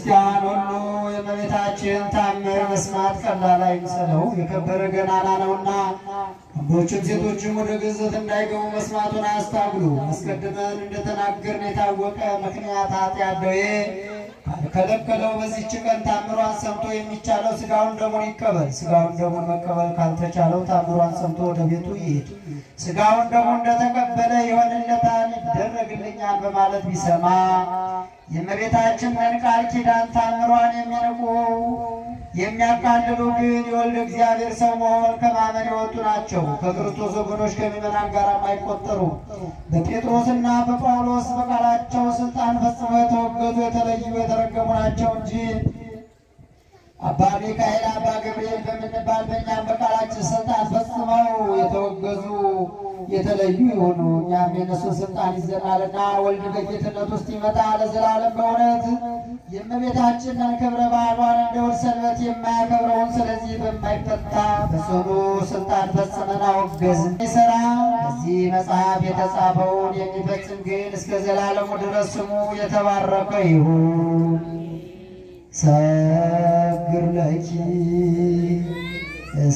ክርስቲያን ሁሉ የእመቤታችን ታምር መስማት ቀላል አይምሰለው፣ የከበረ ገናና ነውና ወንዶችም ሴቶችም ወደ ግዝት እንዳይገቡ መስማቱን አያስታግሉ። አስቀድመን እንደተናገርን የታወቀ ምክንያት ኃጢአት ደዌ ከለከለው። በዚህች ቀን ታምሯን ሰምቶ የሚቻለው ስጋውን ደሙን ይቀበል። ስጋውን ደሙን መቀበል ካልተቻለው ታምሯን ሰምቶ ወደ ቤቱ ይሄድ። ስጋውን ደሙን እንደተቀበለ ይሆንለታል። ያደረግልኛል በማለት ቢሰማ የእመቤታችንን ቃል ኪዳን ታምሯን የሚንቁ የሚያቃልሉ ግን የወልድ እግዚአብሔር ሰው መሆን ከማመን የወጡ ናቸው። ከክርስቶስ ወገኖች ከሚመናን ጋር አይቆጠሩ። በጴጥሮስና በጳውሎስ በቃላቸው ስልጣን ፈጽመው የተወገዙ የተለዩ የተረገሙ ናቸው እንጂ አባ ሚካኤል፣ አባ ገብርኤል በምንባል በእኛም በቃላችን ስልጣን የተለዩ ይሆኑ። እኛም የነሱን ስልጣን ይዘናልና ወልድ በጌትነት ውስጥ ይመጣ ለዘላለም በእውነት የእመቤታችንን ክብረ በዓሏን እንደወር ሰንበት የማያከብረውን ስለዚህ በማይፈታ በጽኑ ስልጣን ፈጽመን አወገዝ ይሰራ በዚህ መጽሐፍ የተጻፈውን የሚፈጽም ግን እስከ ዘላለሙ ድረስ ስሙ የተባረከ ይሁን። ሰግር ለኪ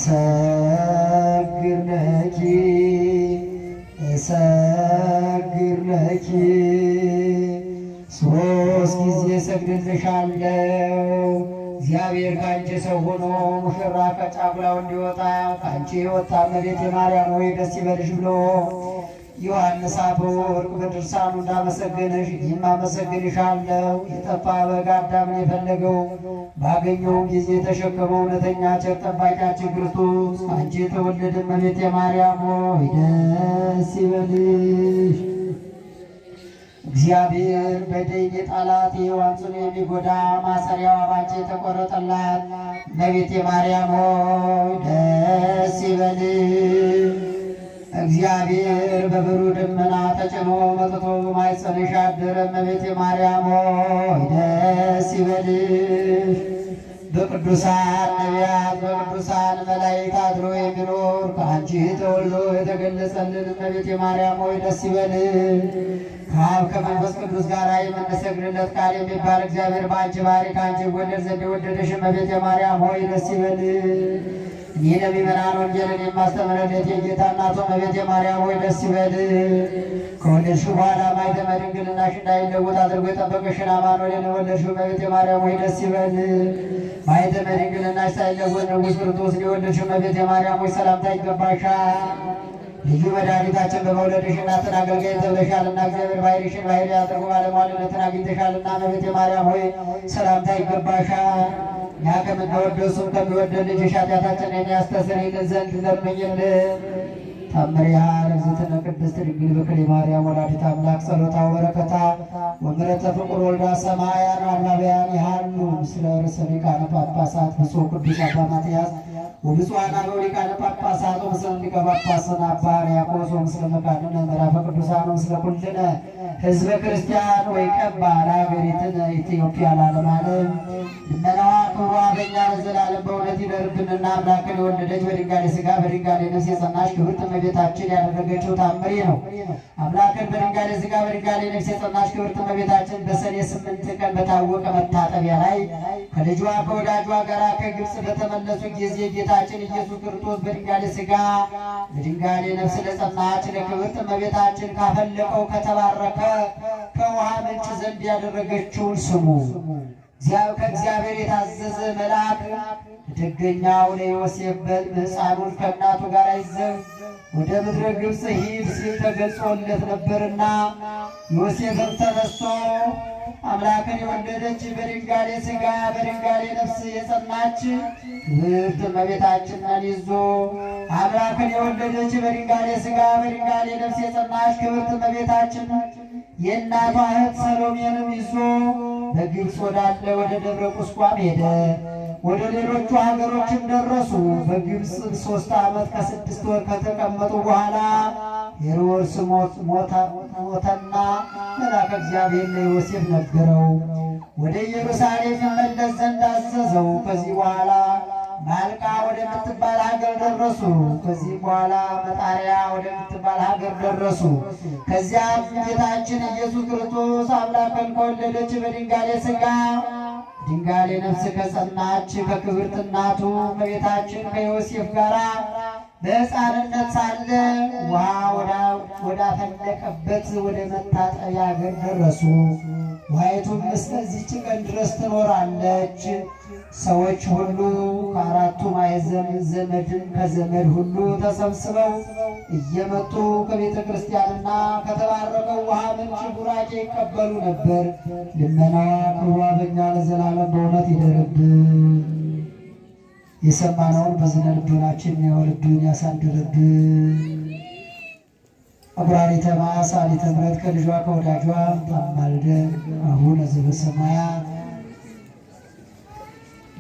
ሰግር ለኪ ሰግር ለኪ ሶስት ጊዜ ሰግድልሻለው። እግዚአብሔር ከአንቺ ሰው ሆኖ ሙሽራ ከጫጉላው እንዲወጣ ከአንቺ የወጣ እመቤቴ ማርያም ወይ ደስ ይበልሽ ብሎ ዮሐንስ አፈወርቅ በድርሳኑ እንዳመሰገነሽ እኔም አመሰግንሻለሁ። የጠፋ በግ አዳምን የፈለገው ባገኘውም ጊዜ የተሸከመው እውነተኛ ቸር ጠባቂያችን ክርስቶስ አንቺ የተወለደ እመቤቴ ማርያም ሆይ ደስ ይበልሽ። እግዚአብሔር በደይን የጣላት የዋንጽኖ የሚጎዳ ማሰሪያዋ ባንቺ የተቆረጠላት እመቤቴ ማርያም ሆይ ደስ ይበልሽ። እግዚአብሔር በብሩ ደመና ተጭኖ መጥቶ ማይጸንሽ አደረ። እመቤቴ ማርያም ሆይ ደስ ይበልሽ። በቅዱሳን ነቢያት በቅዱሳን መላእክት አድሮ የሚኖር ከአንቺ ተወልዶ የተገለጸልን እመቤቴ ማርያም ሆይ ደስ ይበልሽ። ከአብ ከመንፈስ ቅዱስ ጋር የምንሰግድለት ቃል የሚባል እግዚአብሔር በአንቺ ባሕሪ ከአንቺ ወደድ ዘንድ የወደደሽ እመቤቴ ማርያም ሆይ ደስ ይበልሽ። ይህ ነቢይ ብርሃን ወንጌልን የማስተምርለት የጌታ እናቱ እመቤቴ ማርያም ሆይ ደስ ይበል። ከወለድሽ በኋላ ማኅተመ ድንግልናሽ እንዳይለወጥ አድርጎ የጠበቀሽን አማኑኤልን የወለድሽው እመቤቴ ማርያም ሆይ ደስ ይበል። ማኅተመ ድንግልናሽ ሳይለወጥ ንጉሥ ክርስቶስ የወለድሽው እመቤቴ ማርያም ሆይ ሰላምታ ይገባሻል። ልዩ መድኃኒታችን በመውለድሽ እናትን አገልጋይ ተብለሻልና እግዚአብሔር ባሕርይሽን ባሕርይ አድርጎ ባለሟልነትን አግኝተሻልና እመቤቴ ማርያም ሆይ ሰላምታ ይገባሻል። እኛ ከምንወደው እሱም ከሚወደው ልጅሽ ኃጢአታችንን ያስተሰርይልን ዘንድ ለምኝልን። ተአምሪሃ እግዝእትነ ቅድስት ድንግል በክልኤ ማርያም ወላዲተ አምላክ ጸሎታ ወበረከታ ወምሕረተ ፍቁር ወልዳ ሰማያን አናብያን ያህሉ ምስለ ርእሰ ሊቃነ ጳጳሳት ብፁዕ ቅዱስ አባ ማትያስ ወብፁዓን አበው ሊቃነ ጳጳሳት ወምስለ ሊቀ ጳጳስና አባ ሕርያቆስ ወምስለ መካንነ ምዕራፈ ቅዱሳን ወምስለ ኩልነ ሕዝበ ክርስቲያን ወይቀባ ለሀገሪትነ ኢትዮጵያ ለዓለመ ልመናዋ ክብሯ በእኛ ለዘላለም በእውነት ይደርብንና አምላክን የወለደች በድንጋሌ ስጋ በድንጋሌ ነፍስ የጸናች ክብርት እመቤታችን ያደረገችው ታምሬ ነው። አምላክን በድንጋሌ ስጋ በድንጋሌ ነፍስ የጸናች ክብርት እመቤታችን በሰኔ ስምንት ቀን በታወቀ መታጠቢያ ላይ ከልጇ ከወዳጇ ጋር ከግብፅ በተመለሱ ጊዜ ጌታችን ኢየሱስ ክርስቶስ በድንጋሌ ስጋ በድንጋሌ ነፍስ ለጸናች ለክብርት እመቤታችን ካፈለቀው ከተባረከ ከውሃ ምንጭ ዘንድ ያደረገችውን ስሙ። ከእግዚአብሔር የታዘዘ መልአክ ትገኛው ለዮሴፍ በል ሕፃኑን ከእናቱ ጋር ይዘህ ወደ ምድረ ግብፅ ሂድ ሲል ተገልጾለት ነበርና ዮሴፍም ተነስቶ አምላክን የወለደች በድንጋሌ ሥጋ በድንጋሌ ነፍስ የጸናች ክብርት እመቤታችንን ይዞ አምላክን የወለደች በድንጋሌ ሥጋ በድንጋሌ ነፍስ የጸናች ክብርት እመቤታችን የእናቷ እህት ሰሎሜንም ይዞ በግብፅ ወዳለ ወደ ደብረ ቁስቋም ሄደ። ወደ ሌሎቹ ሀገሮችም ደረሱ። በግብፅ ሶስት ዓመት ከስድስት ወር ከተቀመጡ በኋላ ሄሮድስ ሞተና መልአከ እግዚአብሔር ለዮሴፍ ነገረው። ወደ ኢየሩሳሌም ይመለስ ዘንድ አዘዘው። ከዚህ በኋላ ማልቃ ወደምትባል ሀገር ደረሱ። ከዚህ በኋላ መጣሪያ ወደ የሚባል ሀገር ደረሱ። ከዚያም ጌታችን ኢየሱስ ክርስቶስ አምላክን ከወለደች በድንጋሌ ሥጋ ድንጋሌ ነፍስ ከጸናች ከክብርት እናቱ ከቤታችን ከዮሴፍ ጋር በሕፃንነት ሳለ ውሃ ወዳፈለቀበት ወደ መታጠቢያ ሀገር ደረሱ። ውሃይቱም እስከዚች ቀን ድረስ ትኖራለች። ሰዎች ሁሉ ከአራቱ ማዕዘን ዘመድን ከዘመድ ሁሉ ተሰብስበው እየመጡ ከቤተ ክርስቲያንና ከተባረቀው ውሃ ምንጭ ቡራኬ ይቀበሉ ነበር። ልመና ክብሯ በእኛ ለዘላለም በእውነት ይደርብን። የሰማነውን በዝነ ልቦናችን ያወልብን ያሳድርብን። አጉራሪተ መዓዛ ሳሊተ ተምረት ከልጇ ከወዳጇ ታማልደ አቡነ ዘበሰማያት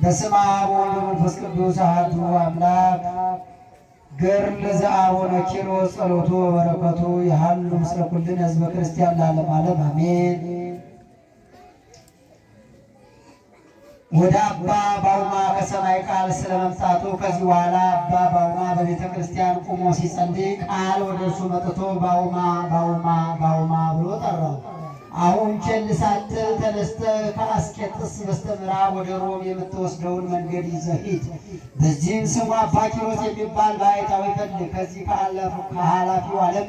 በስመ አብ ወወልድ ወመንፈስ ቅዱስ አሐዱ አምላክ ገርል ዘአቡነ ኪሮ ጸሎቱ ወበረከቱ የሃሉ ምስለ ኩልን ህዝበ ክርስቲያን ላለም ዓለም አሜን። ወደ አባ ባውማ ከሰማይ ቃል ስለ መምጣቱ ከዚህ በኋላ አባ ባውማ በቤተ ክርስቲያን ቁሞ ሲጸልይ ቃል ወደ እርሱ መጥቶ ባውማ ባውማ ባውማ ብሎ ጠራው። አሁን ቸል ሳት ተነስተ ከአስቄጥስ በስተምዕራብ ወደ ሮም የምትወስደውን መንገድ ይዘህ ሂድ። በዚህም ስሙ አባ የሚባል ባይታዊ ፈልግ። ከዚህ ከኃላፊው ዓለም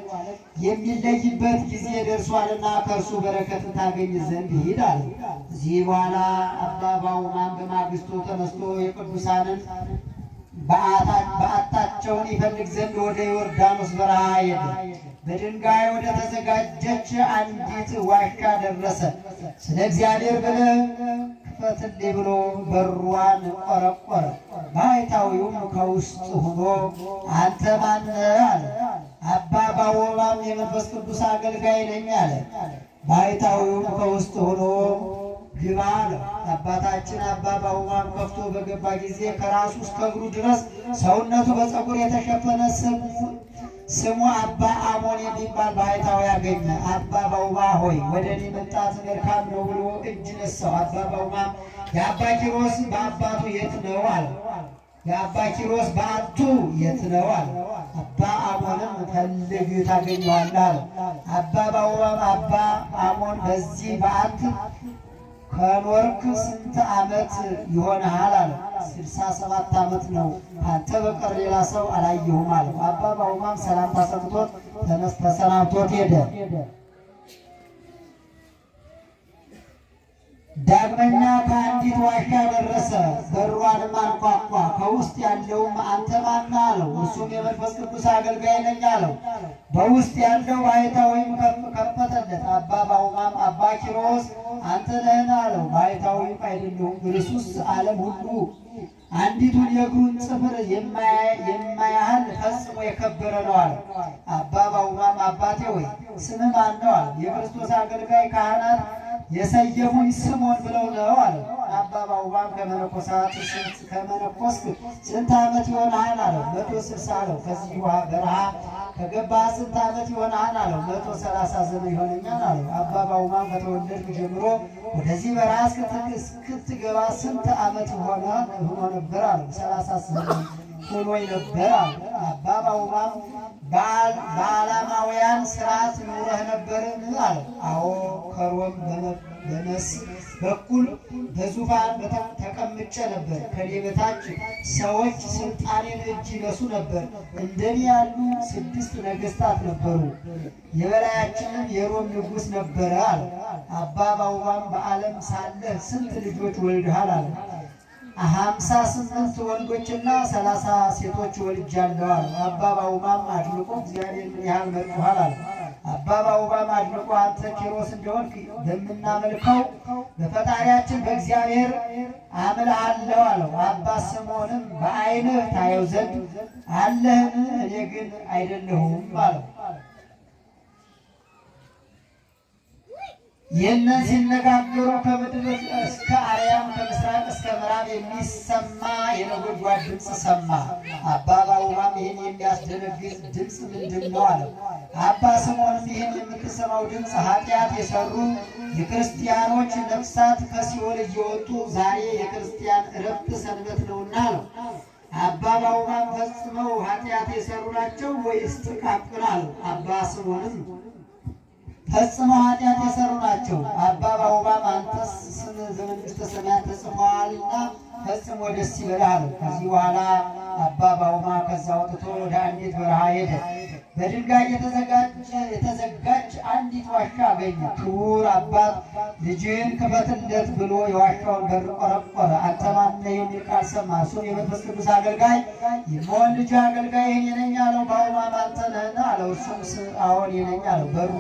የሚለይበት ጊዜ ደርሷልና ከእርሱ በረከት ታገኝ ዘንድ ሂድ አለ። ከዚህ በኋላ አባ ባውማን በማግስቱ ተነስቶ የቅዱሳንን በአታቸውን ይፈልግ ዘንድ ወደ ዮርዳኖስ በረሃ ሄደ። በድንጋይ ወደ ተዘጋጀች አንዲት ዋሻ ደረሰ። ስለ እግዚአብሔር ብለ ክፈትልኝ ብሎ በሯን ቆረቆረ። ባይታዊውም ከውስጥ ሆኖ አንተ ማነ አለ። አባ ባወባም የመንፈስ ቅዱስ አገልጋይ ነኝ አለ። ባይታዊውም ከውስጥ ሆኖ ግባ አለ። አባታችን አባ ባወባም ከፍቶ በገባ ጊዜ ከራሱ እስከ እግሩ ድረስ ሰውነቱ በፀጉር የተሸፈነ ስሙ አባ አሞን የሚባል ባህታዊ ያገኘ አባ በውማ ሆይ ወደ እኔ መምጣት መልካም ነው ብሎ እጅ ነሳው። አባ በውማ የአባ ኪሮስ በአባቱ የት ነው አለ። የአባ ኪሮስ በአቱ የት ነው አለ። አባ አሞንም ፈልግ ታገኘዋለህ አለ። አባ በውማም አባ አሞን በዚህ በአት ከኖርክ ስንት ዓመት ይሆንሃል? አለ ስልሳ ሰባት ዓመት ነው ከአንተ በቀር ሌላ ሰው አላየሁም አለ። አባ ባውማም ሰላምታ ሰጥቶት ተሰናብቶት ሄደ። ዳግመኛ ከአንዲት ዋሻ ደረሰ። በሯንም አንኳኳ። ከውስጥ ያለውም አንተ አለው። እሱም የመንፈስ ቅዱስ አገልጋይ ነኝ አለው። በውስጥ ያለው ባሕታዊም ከፈተለት። አባ ባውማም አባ ኪሮስ አንተ ነህን አለው። ወይም አይደለሁም፣ ክርስቶስ ዓለም ሁሉ አንዲቱን የእግሩን ጽፍር የማያህል ፈጽሞ የከበረ ነው አለ። አባ ባውማም አባቴ ወይ ስምህ ማን ነው አለ። የክርስቶስ አገልጋይ ካህናት የሰየሙኝ ስሞን ብለው ነው አለ። አባ ባውባም ከመነኮሳት ስንት ከመነኮስ ስንት ዓመት ይሆንሃል አለው። መቶ ስልሳ አለው። ከዚህ ውሃ በረሃ ከገባ ስንት ዓመት ይሆንሃል አለው። መቶ ሰላሳ ዘመን ይሆነኛል አለው። አባ ባውባም ከተወለድክ ጀምሮ ወደዚህ በረሃ እስክትገባ ስንት ዓመት ሆነ ሆኖ ነበር አለው። ሰላሳ ዘመን ሆኖ ነበር አለ። አባ ባውባም በዓላማውያን ስርዓት ኖረህ ነበር አለ። አዎ ከሮም በመስ በኩል በዙፋን ተቀምጨ ነበር። ከኔ በታች ሰዎች ስልጣኔን እጅ ይነሱ ነበር። እንደኔ ያሉ ስድስት ነገስታት ነበሩ። የበላያችንም የሮም ንጉስ ነበረ አለ። አባ ባውባም በዓለም ሳለ ስንት ልጆች ወልድሃል? አለ ሀምሳ ስምንት ወንዶችና ሰላሳ ሴቶች ወልጃለዋል። አባባ ባውባም አድንቆ እግዚአብሔር ምን ያህል መርጦሃል አለ። አባባ ባውባም አድንቆ አንተ ኪሮስ እንደሆንክ በምናመልከው በፈጣሪያችን በእግዚአብሔር አምልሃለሁ አለው። አባ ስምዖንም በዓይንህ ታየው ዘንድ አለህን? እኔ ግን አይደለሁም አለው። ይህንን ሲነጋገሩ ከምድር እስከ አርያም ከምስራቅ እስከ ምዕራብ የሚሰማ የነጎድጓድ ድምፅ ሰማ። አባ ባውሃም ይህን የሚያስደነግጥ ድምፅ ምንድን ነው አለ። አባ ስምዖንም ይህን የምትሰማው ድምፅ ኃጢአት የሰሩ የክርስቲያኖች ነፍሳት ከሲኦል እየወጡ ዛሬ የክርስቲያን እረፍት ሰንበት ነውና ነው። አባ ባውሃም ፈጽመው ኃጢአት የሰሩ ናቸው ወይስ ጥቃቅን አለው። አባ ስምዖንም ፈጽሞ ኃጢአት የሰሩ ናቸው። አባ ባሁባም አንተስ ስም ዘመንግሥተ ሰማያት ተጽፏልና ፈጽሞ ደስ ይበልህ ከዚህ በኋላ አባ ባሁማ ከዛ ወጥቶ ወደ አንዲት በረሃ ሄደ። በድንጋይ የተዘጋች አንዲት ዋሻ አገኘ። ክቡር አባት ልጅህን ክፈትለት ብሎ የዋሻውን በር ቆረቆረ። አንተማነ የሚል ቃል ሰማ። እሱም የመንፈስ ቅዱስ አገልጋይ የመሆን ልጅ አገልጋይ ይህን የነኝ አለው። ባሁማ አለው። እርሱም አዎን እኔ አለው። በሩ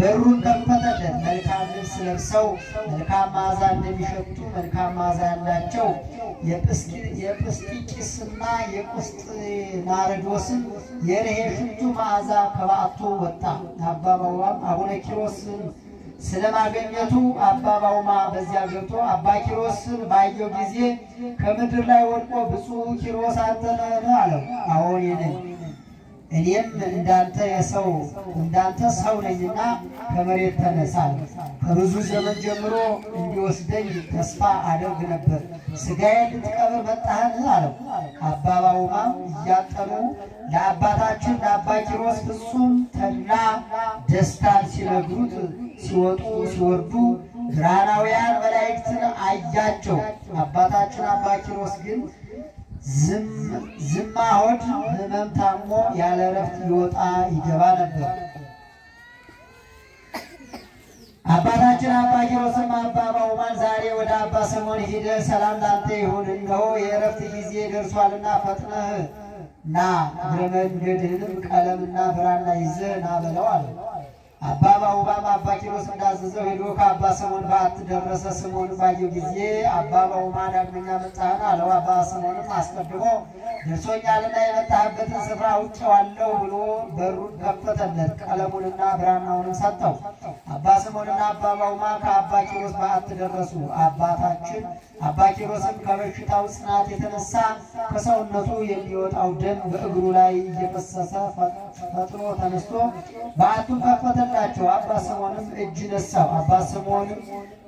በሩን ከፈተለት። መልካም ልብስ ለብሰው መልካም መዓዛ እንደሚሸቱ መልካም መዓዛ ያላቸው የጵስጢቂስና የቁስጥናርዶስን ሽቱ መዓዛ ከበዓቱ ወጣ። አባ አቡነ ኪሮስን ስለማገኘቱ አባ ባውማ በዚያ ገብቶ አባ ኪሮስን ባየው ጊዜ ከምድር ላይ ወድቆ ብፁዕ ኪሮስ አንተ ነህን? አለው። አዎን እኔ እኔም እንዳንተ የሰው እንዳንተ ሰው ነኝና ከመሬት ተነሳል። ከብዙ ዘመን ጀምሮ እንዲወስደኝ ተስፋ አደርግ ነበር። ስጋዬ ልትቀብር መጣህን? አለው። አባ ባውማ እያጠኑ ለአባታችን ለአባ ኪሮስ ፍጹም ተድላ ደስታን ሲነግሩት ሲወጡ ሲወርዱ ብርሃናውያን መላእክትን አያቸው። አባታችን አባ ኪሮስ ግን ዝማዎች ህመም ታሞ ያለ እረፍት ይወጣ ይገባ ነበር። አባታችን አባ ኪሮስም አባ ባውማን ዛሬ ወደ አባ ሰሞን ሂደ ሰላም ላንተ ይሁን፣ እነሆ የእረፍት ጊዜ ደርሷልና ፈጥነህ ና፣ እግረ መንገድህንም ቀለምና ብራና ይዘህ ና በለው አለ። አባ ባውባም አባ ኪሮስ እንዳዘዘው ሄዶ ከአባ ስምዖን በዓት ደረሰ። ስምዖን ባየው ጊዜ አባ ባውማን ዳግመኛ መጣህን አለው። አባ ስምዖንም አስቀድሞ ደርሶኛልና የመጣህበትን ስፍራ አውቄዋለሁ ብሎ በሩን ከፈተለት፣ ቀለሙንና ብራናውንም ሰጠው። አባ ስምዖንና አባባ ባውማ ከአባ ኪሮስ በዓት ደረሱ። አባታችን አባ ኪሮስም ከበሽታው ጽናት የተነሳ ከሰውነቱ የሚወጣው ደም በእግሩ ላይ እየፈሰሰ ፈጥኖ ተነስቶ በዓቱን ከፈተ መጣቸው። አባ ስምዖንም እጅ ነሳው። አባ ስምዖንም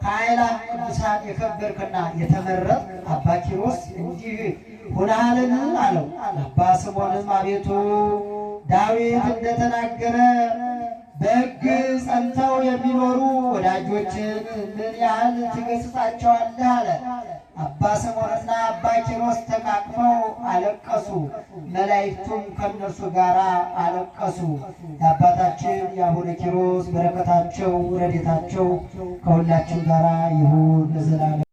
ከአይላ ቅዱሳን የከበርክና የተመረጥ አባ ኪሮስ እንዲህ ሁናልን አለው። አባ ስምዖንም አቤቱ ዳዊት እንደተናገረ በሕግ ጸንተው የሚኖሩ ወዳጆችን ምን ያህል ትገስጻቸዋለህ አለ። አባ ሰሞንና አባ ኪሮስ ተቃቅፈው አለቀሱ። መላእክቱም ከእነርሱ ጋር አለቀሱ። የአባታችን የአቡነ ኪሮስ በረከታቸው ረድኤታቸው ከሁላችን ጋር ይሁን ለዘላለም።